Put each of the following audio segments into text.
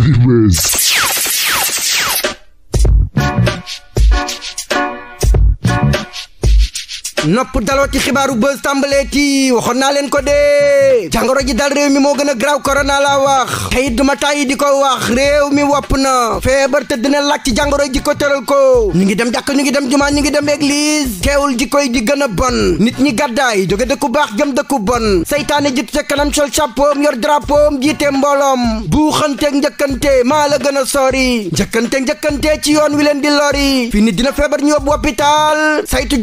Heavy Mess. nopp daloo ci xibaaru buzz tàmbalee ci waxoon naa leen ko dee jangoro ji dal réew mi moo gën a graaw korona laa wax te it duma tàyyi di ko wax réew mi wopp na feebar te dina laaj ci jàngoro ji ko tëral ko ñu ngi dem jàkk ñu ngi dem jumaa ñu ngi dem église teewul ji koy di gën a bon nit ñi gàddaay jóge dëkku baax jëm dëkku bon saytaane jiitu ca kanam sol chapeau yor drapeau jiite mbooloom buuxanteeg njëkkante maa la gën a sori njëkkante njëkkante ci yoon wi leen di lori fi dina feebar ñu yóbbu hôpital saytu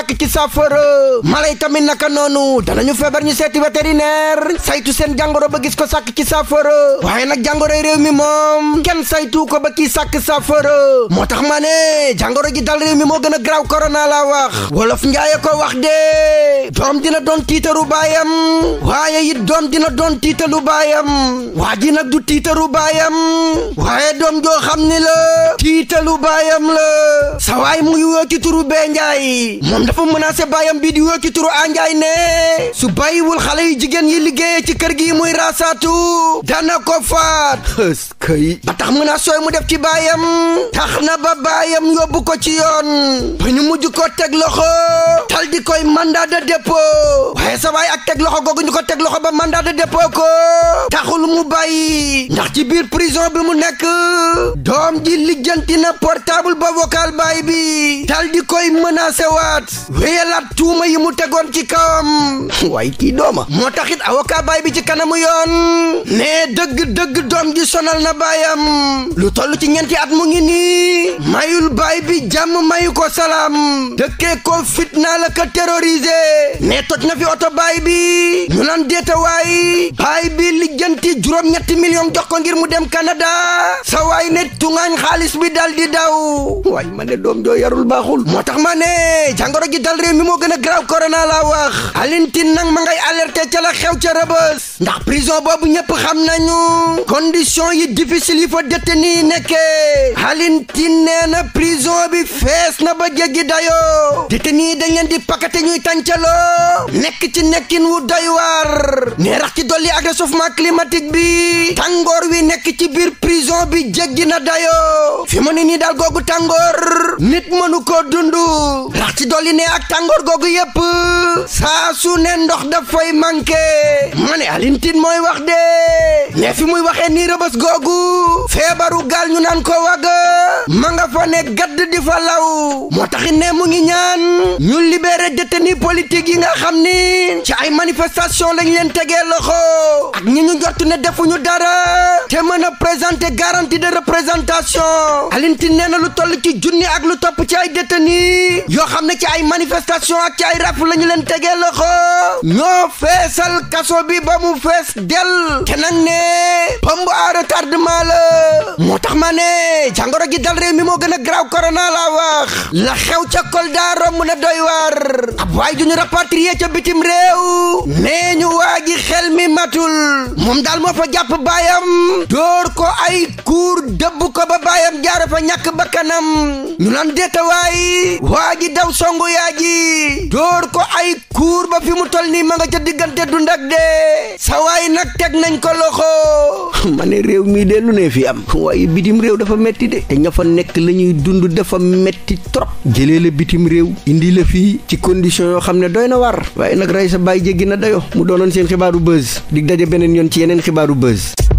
sàkk ci saafara mala yi tamit naka noonu danañu feebar ñu seeti vétérinaire saytu seen jàngoro ba gis ko sàkk ci saafara waaye nag jàngoro yi réew mi moom kenn saytu ko ba kii sàkk saafara moo tax ma ne jàngoro ji dal réew mi moo gën a graaw korona laa wax wolof njaaye ko wax de doom dina doon tiitaru baayam waaye it doom dina doon tiitalu baayam waa ji nag du tiitaru baayam waaye doom joo xam ni la tiitalu baayam la sawaay muy woo ci bee njaay moom mën a baayam bii di woo ci turu Anjaay ne su bàyyiwul xale yu jigéen yi liggéeye ci kër gi muy rasaatu dana ko faat ëskay ba tax menace yooyu mu def ci baayam tax na ba baayam yóbbu ko ci yoon ba ñu mujj ko teg loxo di koy mandat de dépôt waaye sa waay ak teg loxo googu ñu ko teg loxo ba mandaa de dépôt ko taxul mu bàyyi ndax ci biir prison bi mu nekk doom ji lijjanti na portable ba vocal baay bi dal di koy menacé waat wéyalaat tuuma yi mu tegoon ci kawam waaye kii dooma moo taxit avocat baay bi ci kanamu yoon dëgg dëgg doom ji sonal na baayam lu toll ci ñeenti at mu ngi nii mayul baay bi jàmm mayu ko salaam dëkkee ko fitna la terrorisé ne toj na fi oto baay bi ñu naan deetawaay baay bi lijjanti juróom-ñetti million jox ko ngir mu dem Canada sa waay ne tungaañ xaalis bi dal di daw waay ma ne doom joo yarul baaxul moo tax ma ne jàngoro ji dal mi moo gën a graaw corona laa wax alintin nag ma ngay alerté ca xew ca rëbës ndax prison boobu ñëpp xam nañu condition yi difficile yi fa détenu yi nekkee alintin nee na prison bi fees na ba jéggi dayoo détenu yi dañ di pak bokkate ñuy nekk ci nekkin wu doy ne rax ci dolli ak réchauffement climatique bi tàngoor wi nekk ci biir prison bi jéggi na dayoo fi mu nii daal googu tàngoor nit mënu koo dund rax ci dolli ne ak tàngoor googu yépp saa ne ndox dafay manqué ma ne alintin mooy wax de ne fi muy waxee nii rëbës googu feebaru gaal ñu naan ko wagg ma nga fa ne gadd di fa law moo taxit ne mu ngi ñaan ñu libéré détenu politique yi nga xam ni ci ay manifestation lañ leen tegee loxo ak ñi ñu jot ne defuñu dara te mën a présenté garantie de représentation alinti nee na lu toll ci junni ak lu topp ci ay détenu yoo xam ne ci ay manifestation ak ci ay rap la leen tegee loxo ñoo feesal kaso bi ba mu fees del te nag ne pompe à retardement la moo tax ma ne jàngoro ji dal réew mi moo gën a graw korona laa wax la xew ca Kolda romb na doy war ab waay ju ñu rapatrié ca bitim réew nee ñu waa ji xel mi matul moom daal moo fa jàpp baayam dóor ko ay kuur dëbb ko ba baayam jaare fa ñàkk bakkanam ñu naan deetawaay waa ji daw songu yaa ji dóor ko ay kuur ba fi mu tol nii ma ca diggante dund ak dee sa waay nag teg nañ ko loxo ma ne réew mi de ne fi am waaye bitim réew dafa metti de te ña nekk la ñuy dund dafa metti trop jële la bitim réew indi la fii ci condition yoo xam ne doy na war waaye nag rey sa bàyyi jéggi na dayo mu doonoon seen xibaaru buzz dig daje beneen yoon ci yeneen xibaaru buzz